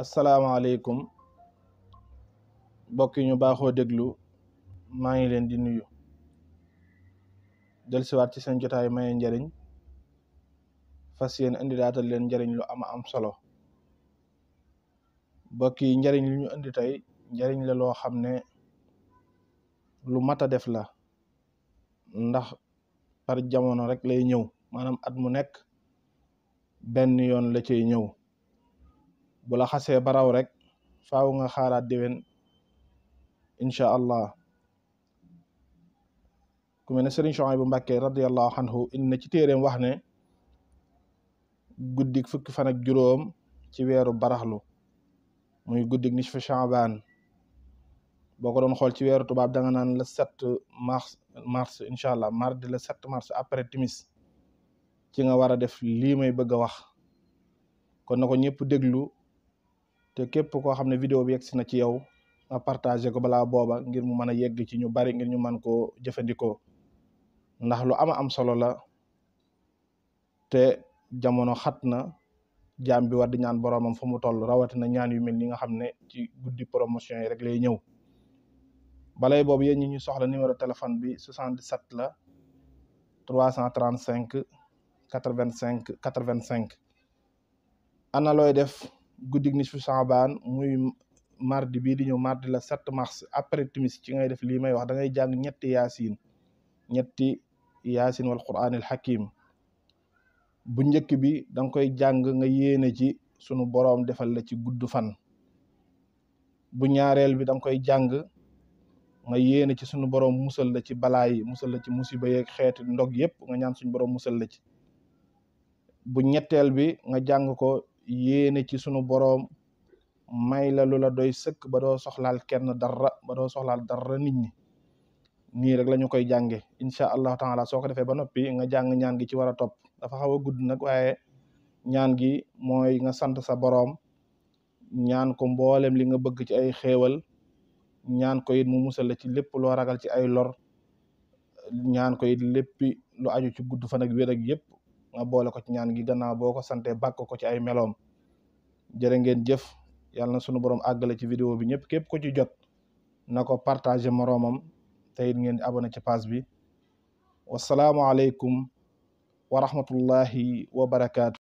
asalaamaaleykum mbokk yi ñu baaxoo déglu maa ngi leen di nuyu siwaat ci seen jotaay maye njariñ fas yéen indi daatal leen njariñ lu ama am solo mbokk yi njariñ lu ñu indi tey njariñ la loo xam ne lu mat a def la ndax par jamono rek lay ñëw maanaam at mu nekk benn yoon la cay ñëw bu la baraw rek faaw nga xaaraat déwén incha allah ku mel ne Sëriñ Suhaybu Mbàkke radiyallahu anhu indi na ci téeréem wax ne guddik fukki fan ak juróom ci weeru baraxlu muy guddik nisfu Shaaban boo ko doon xool ci weeru tubaab da nga naan le sept mars mars incha allah mardi le sept mars après timis ci nga war a def lii may bëgg a wax kon na ko ñëpp déglu te képp koo xam ne vidéo bi yegg si na ci yow nga partagé ko balaa booba ngir mu mën a yegg ci ñu bari ngir ñu man koo jëfandikoo ndax lu ama am solo la te jamono xat na jaam bi war di ñaan boroomam fu mu toll rawatina ñaan yu mel ni nga xam ne ci guddi promotion yi rek lay ñëw balay boobu yéen ñi ñu soxla numéro téléphone bi 77 la 335 85 85 ana looy def guddig ni su muy mardi bii di ñëw mardi la set mars après timis ci ngay def lii may wax da ngay jàng ñetti yaasin ñetti yaasin wal quraanil hakim bu njëkk bi danga koy jàng nga yéene ci sunu boroom defal la ci gudd fan bu ñaareel bi da koy jàng nga yéene ci sunu borom musal la ci balaa musal la ci musiba yeeg xeeti ndog yépp nga ñaan suñu borom musal la ci bu ñetteel bi nga jàng ko yéene ci sunu boroom may la lu doy sëkk ba doo soxlaal kenn dara ba doo soxlaal dara nit ñi nii rek lañu koy jànge incha allahu taala soo ko defee ba noppi nga jàng ñaan gi ci war a topp dafa xaw a gudd nag waaye ñaan gi mooy nga sant sa boroom ñaan ko mboolem li nga bëgg ci ay xéewal ñaan ko mu musal la ci lépp loo ragal ci ay lor ñaan ko it léppi lu aju ci gudd fa ak wér ak yëpp nga boole ko ci ñaan gi gannaaw boo ko sante bàkk ko ci ay meloom jërë ngeen jëf yàlla na sunu borom àggale ci vidéo bi ñëpp képp ko ci jot na ko partagé moroomam te it ngeen di abonné ci page bi wasalaamualeykum wa rahmatullahi wa barakaatu.